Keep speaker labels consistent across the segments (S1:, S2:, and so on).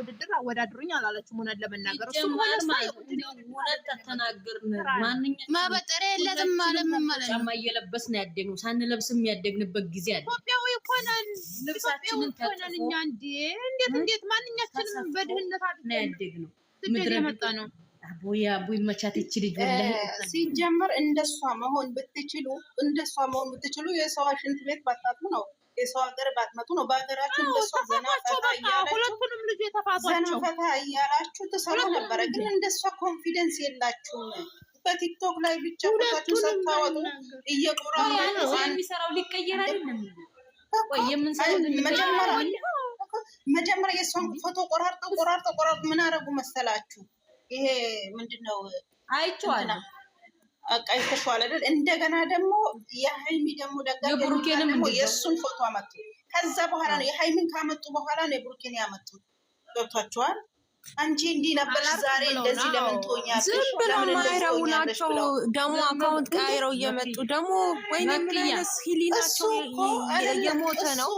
S1: ውድድር አወዳድሩኝ አላለችም። እውነት ለመናገር መበጠሪያ የለትም ማለት ምን ማለት ነው? ጫማ እየለበስን ያደግነው ሳንለብስም ያደግንበት ጊዜ አለ። ኢትዮጵያዊ እኮ ነን፣ ኢትዮጵያዊ እኮ ነን ኢትዮጵያዊ እኮ እኛ እንዴ እንዴት እንዴት ማንኛችንም በድህነት አይደል ያደግነው፣ ምድር የመጣ ነው።
S2: አቦያ አቦይ መቻት ይችል
S3: ሲጀምር እንደሷ መሆን ብትችሉ እንደሷ መሆን ብትችሉ የሰው ሽንት ቤት ባታጡ ነው የሰው ሀገር ባትመጡ ነው።
S1: በሀገራችሁ እንደሷ ዘና ፈታ
S3: እያላችሁ ትሰሩ ነበረ። ግን እንደሷ ኮንፊደንስ የላችሁም። በቲክቶክ ላይ ብቻ ቦታችሁ ሰታወጡ
S1: እየቁራ የሚሰራው ሊቀየር አይደለም።
S3: መጀመሪያ የእሷን ፎቶ ቆራርጠው ቆራርጠው ቆራርጠው ምን አደረጉ መሰላችሁ? ይሄ ምንድን ነው
S1: አይቼዋለሁ በቃ
S3: አይደል? እንደገና ደግሞ የሀይሚ
S1: ደግሞ ደግሞ የእሱን ፎቶ
S3: አመጡ። ከዛ በኋላ ነው የሀይሚን ካመጡ በኋላ ነው የብሩኬን ገብቷቸዋል። አንቺ እንዲህ
S1: ነበር ዛሬ እንደዚህ ለምን ትሆኛለሽ? ዝም ብለው ማይረቡ ናቸው። ደግሞ አካውንት ቀይረው እየመጡ ደግሞ ወይኔ
S3: እየሞተ ነው።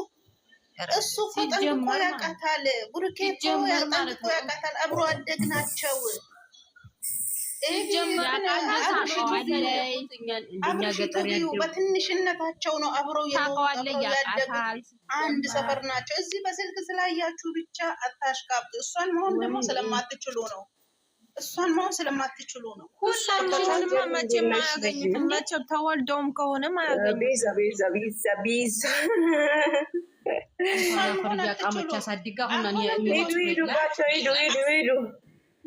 S3: እሱ ፎጠን እኮ ያውቃታል፣ ብሩኬ እኮ ያውቃታል። አብሮ አደግ ናቸው። በትንሽነታቸው
S1: ነው አብረው ያደጉት።
S3: አንድ ሰፈር ናቸው። እዚህ በስልክ ስላያችሁ ብቻ አታሽቃብጡ። እሷን መሆን ደግሞ ስለማትችሉ ነው። እሷን መሆን ስለማትችሉ
S1: ነው። ሁላችሁንም መቼ ማያገኝም መቼም ተወልደውም ከሆነ
S3: ከሆነም አያገኙትም።
S1: እሷን መሆን አትችሉ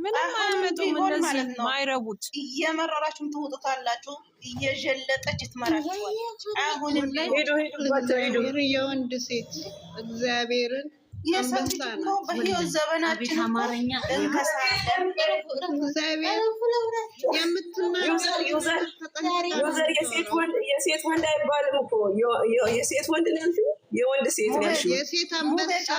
S3: ምንም አያመጡም።
S1: እነዚህ ማይረቡት እየመረራችሁም
S3: ትውጡታላችሁ። እየጀለጠች ትመራችኋል። የወንድ
S1: ሴት እግዚአብሔርን
S3: የሴት ወንድ አይባልም እኮ የሴት ወንድ ነው የወንድ ሴት ነሽ።
S1: የሴት አንበሳ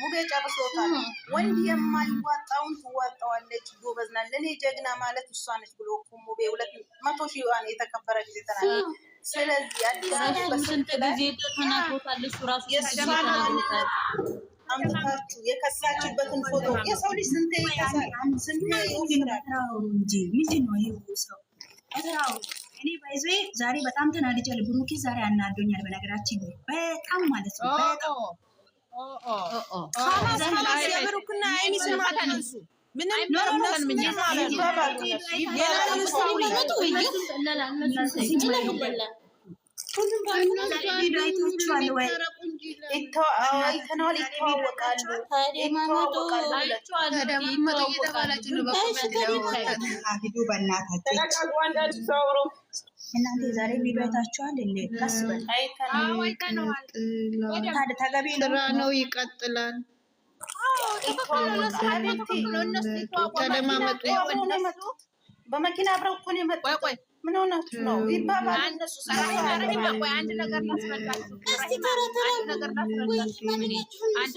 S1: ሙቤ
S3: ጨርሶታል። ወንድ የማይዋጣውን ትዋጣዋለች። ጎበዝ ናት። ለእኔ ጀግና ማለት እሷ ነች ብሎ እኮ ሙቤ ሁለት መቶ ሺህ የተከበረ ጊዜ ተናገረ። ስለዚህ
S1: ስንት ጊዜ ተናግሮታል።
S3: እሱ ራሱ አምጥታችሁ የከሳችበትን ፎቶ የሰው ልጅ ስንቴ ይከሳል፣ ስንቴ ይውራል። ምንድን ነው ይህ ሰው እኔ ባይዞ ዛሬ በጣም ተናድጃለሁ። ብሩኬ ዛሬ አናዶኛል። በነገራችን በጣም ማለት ነው በጣም አይተነዋል። ይተዋወቃሉ ይተዋወቃሉ። እናንተ የዛሬ ቪዲዮ አይታችኋል እንዴ?
S1: ተገቢ ስራ ነው። ይቀጥላል። ተለማመጡ። በመኪና አብረው እኮ ነው የመጡት። ምን ሆናችሁ ነው ይባባል።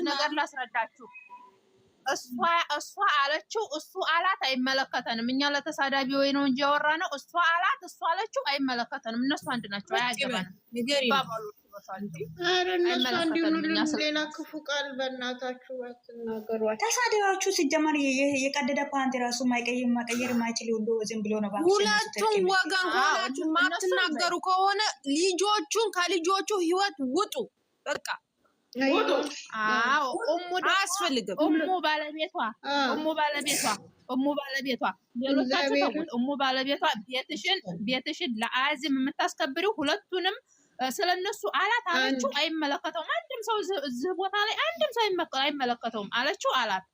S1: ነገር ላስረዳችሁ፣ እሷ አለችው እሱ አላት፣ አይመለከተንም። እኛ ለተሳዳቢ ወይ ነው እንጂ ያወራ ነው። እሷ አላት እሱ አለችው፣ አይመለከተንም። እነሱ አንድ ናቸው፣ አያገባንም። ሌላ ክፉ ቃል በእናታችሁ አትናገሯት። ተሳደባችሁ ሲጀመር የቀደደ ፓንት ራሱ ማይቀየር ማቀየር ማይችል ሁሉ ዝም ብሎ ነው። ሁለቱም ወገን ሆናችሁ ማትናገሩ ከሆነ ልጆቹን ከልጆቹ ህይወት ውጡ። በቃ አያስፈልግም። እሙ ባለቤቷ ባለቤቷ ቤትሽን ቤትሽን ለአያዝም የምታስከብሪው ሁለቱንም ስለነሱ አላት አለችው። አይመለከተውም። አንድም ሰው እዚህ ቦታ ላይ አንድም ሰው አይመለከተውም አለችው አላት።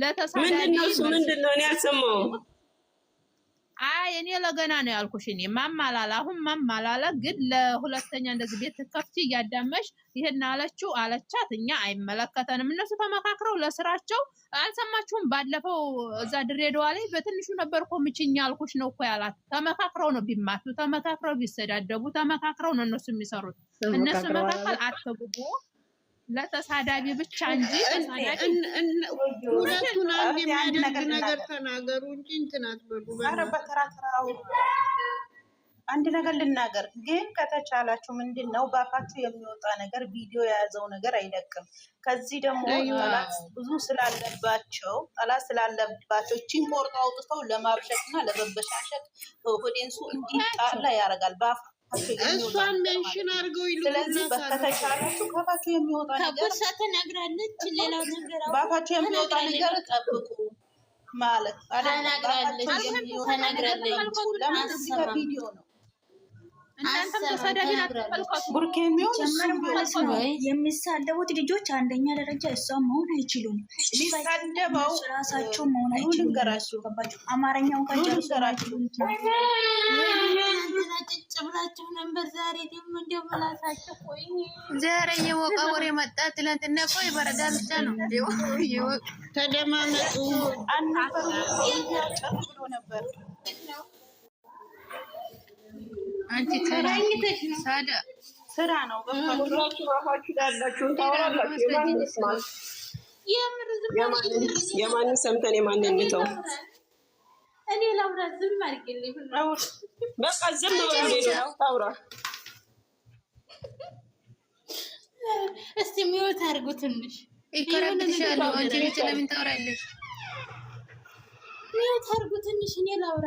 S3: ለተሳዳቢ ምንድን ነው እኔ አልሰማሁም።
S1: እኔ ለገና ነው ያልኩሽ። እኔ ማማላል አሁን ማማላላ ግን ለሁለተኛ እንደዚህ ቤት ከፍቺ እያዳመሽ ይሄን አለችው አለቻት። እኛ አይመለከተንም። እነሱ ተመካክረው ለስራቸው አልሰማችሁም? ባለፈው እዛ ድሬዳዋ ላይ በትንሹ ነበር እኮ ምችኛ አልኩሽ ነው እኮ ያላት። ተመካክረው ነው ቢማቱ፣ ተመካክረው ቢሰዳደቡ፣ ተመካክረው ነው እነሱ የሚሰሩት። እነሱ መካከል አትግቡ ለተሳዳቢ ብቻ እንጂ ሁለቱን አንድ የሚያደርግ ነገር ተናገሩ እንጂ እንትን አትበሉ። አንድ ነገር ልናገር ግን ከተቻላችሁ ምንድን ነው በአፋችሁ የሚወጣ ነገር ቪዲዮ የያዘው ነገር አይለቅም። ከዚህ ደግሞ ጠላት ብዙ ስላለባቸው ጠላት ስላለባቸው እቺን ቆርጦ አውጥተው ለማብሸት እና ለመበሻሸት ሆዴንሱ እንዲጣላ ያደርጋል በአፋ እሷን ሜንሽን አድርገው ይሉ። ስለዚህ የሚወጣ ነገር ከቦሳ ተናግራለች። ሌላ ነገር ባፋቸው የሚወጣ ነገር ጠብቁ ማለት ተናግራለች። ተናግራለች። ለምን እዚህ ጋር ነው እናንተም ነው የሚሳደቡት ልጆች አንደኛ ደረጃ እሷ መሆን አይችሉም። ሲሳደበው ራሳቸው መሆን አይችሉም። አማርኛውን ዛሬ የወቃ ወሬ መጣ። ትላንትና እኮ የበረዳ ብቻ ነው። ተደማመጡ ነበር ስራ ነው
S3: የማንን ሰምተን የማንን እንተው።
S1: እኔ ላውራ ዝም አድርጊልኝ። በቃ
S3: ዝም ታውራ።
S1: እስቲ ሚወት አድርጉ ትንሽ ይከረብሻለሁ። አንቺ ቤት ለምን ታውራለሽ? ሚወት አድርጉ ትንሽ እኔ ላውራ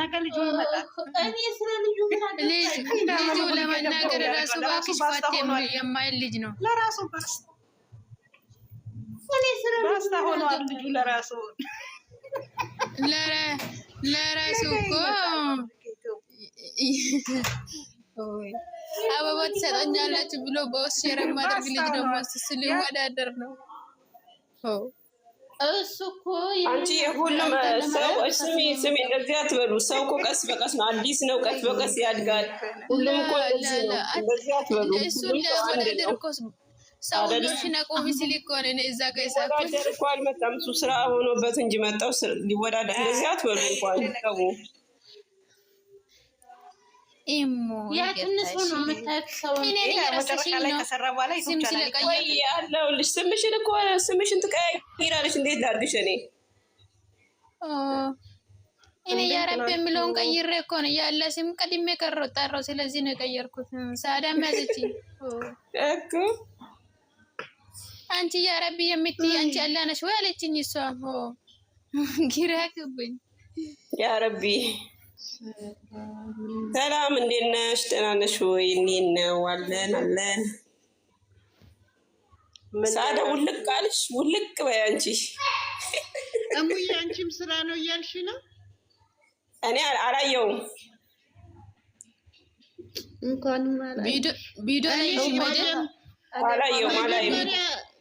S1: ነገ ልጁ ይመጣል። ልጁ ለመናገር ራሱ እባክሽ የማይል ልጅ ነው። ለራሱ ባስታ ሆነዋል ልጁ ለራሱ ለራሱ እኮ አበባ ትሰጠኛላችሁ ብሎ በውስጥ ሸረግ ማድረግ ልጅ ደግሞ ስስል ይወዳደር ነው። እሱ እኮ
S3: አንቺ የሁሉም ሰው ስሚ ስሚ፣ እንደዚህ አትበሉ። ሰው እኮ ቀስ በቀስ ነው፣ አዲስ ነው፣ ቀስ በቀስ ያድጋል። ሁሉም እኮ እንደዚህ ነው። እንደዚህ አትበሉ። እሱን ለመደርደር እኮ ሰውሎች ነቆሚ እዛ ጋ ስራ ሆኖበት እንጂ መጣው ሊወዳደር እንደዚህ አትበሉ እንኳን
S1: ኢሞ የትንሱ ነው የምታዩት ሰው
S3: ስምሽን እኮ ስምሽን ትቀይራለች። እንዴት ላድርግሽ እኔ
S1: እኔ የአረብ የሚለውን ቀይሬ እኮ ነው ያለ ስም ቀድሜ ቀረው ጠራው። ስለዚህ ነው የቀየርኩት። ሳዳ መያዘች እኮ አንቺ የአረብ የምትይ አንቺ ያላነሽ ወይ አለችኝ። እሷ ግራ ገባኝ። የአረቢ
S3: ሰላም እንዴት ነሽ? ደህና ነሽ ወይ? እኔን ነው? አለን አለን። ሳደ ውልቅ አልሽ፣ ውልቅ በይ አንቺ።
S1: እሙዬ አንቺም ስራ ነው እያልሽ ነው? እኔ አላየውም። እንኳንም አላየውም፣ አላየውም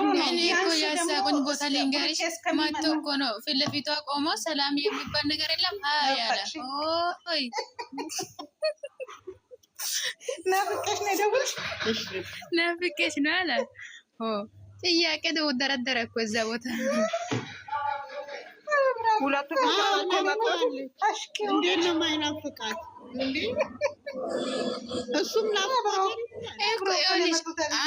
S1: እኔ እኮ ያሳቁኝ ቦታ ልንገርሽ፣ መቶ እኮ ነው ፊት ለፊቷ ቆሞ ሰላም የሚባል ነገር የለም ያለ ናፍቄሽ ነው አለ። ጥያቄ ደረደረ እኮ እዛ ቦታ ሁለቱ ነው ማይናፍቃት እሱም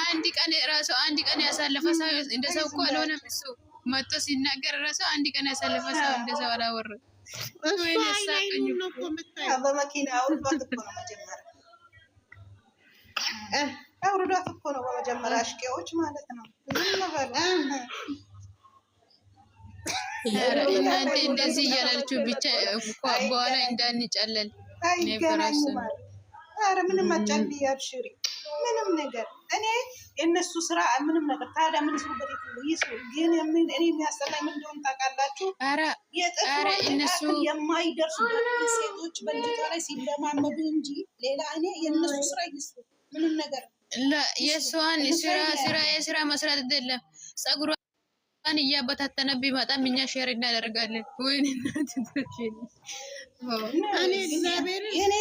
S1: አንድ ቀን ራሱ አንድ ቀን ያሳለፈ ሰው እንደ ሰው እኮ አልሆነም። እሱ መጥቶ ሲናገር ራሱ አንድ ቀን ያሳለፈ ሰው እንደ ሰው አላወራም። አውርዷት እኮ ነው በመጀመሪያ አሽቄዎች ማለት ነው። እናንተ እንደዚህ እያላችሁ ብቻ በኋላ እንዳንጨለል አይገናኙ ማለት ኧረ ምንም አጫልይ አብሽሪ፣ ምንም ነገር እኔ የእነሱ ስራ ምንም ነገር ታዲያ ምን ስሩበት ይስሩ። ግን እኔ የሚያስጠላኝ ምን እንደሆነ ታውቃላችሁ? የጥፍር የማይደርሱ ሴቶች በልጅቷ ላይ ሲለማመዱ እንጂ ሌላ እኔ የእነሱ ስራ ይስሩ ምንም ነገር የእሷን ስራ የስራ መስራት አይደለም ጸጉሯ ቀን እያበታተነ ቢመጣም እኛ ሼር እናደርጋለን። ወይኔ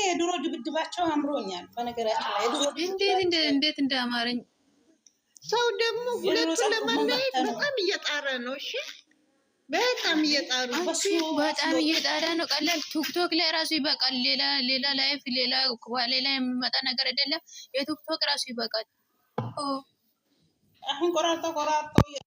S1: የድሮ ድብድባቸው አምሮኛል። በነገራችን ላይ እንዴት እንዳማረኝ ሰው ደግሞ ሁለቱን ለማለየት በጣም እየጣረ ነው። እሺ በጣም እየጣሩ በጣም እየጣረ ነው። ቀላል ቲክቶክ ላይ ራሱ ይበቃል። ሌላ ሌላ ላይፍ ሌላ የሚመጣ ነገር አይደለም። የቲክቶክ ራሱ ይበቃል። አሁን ቆራርጠው ቆራርጠው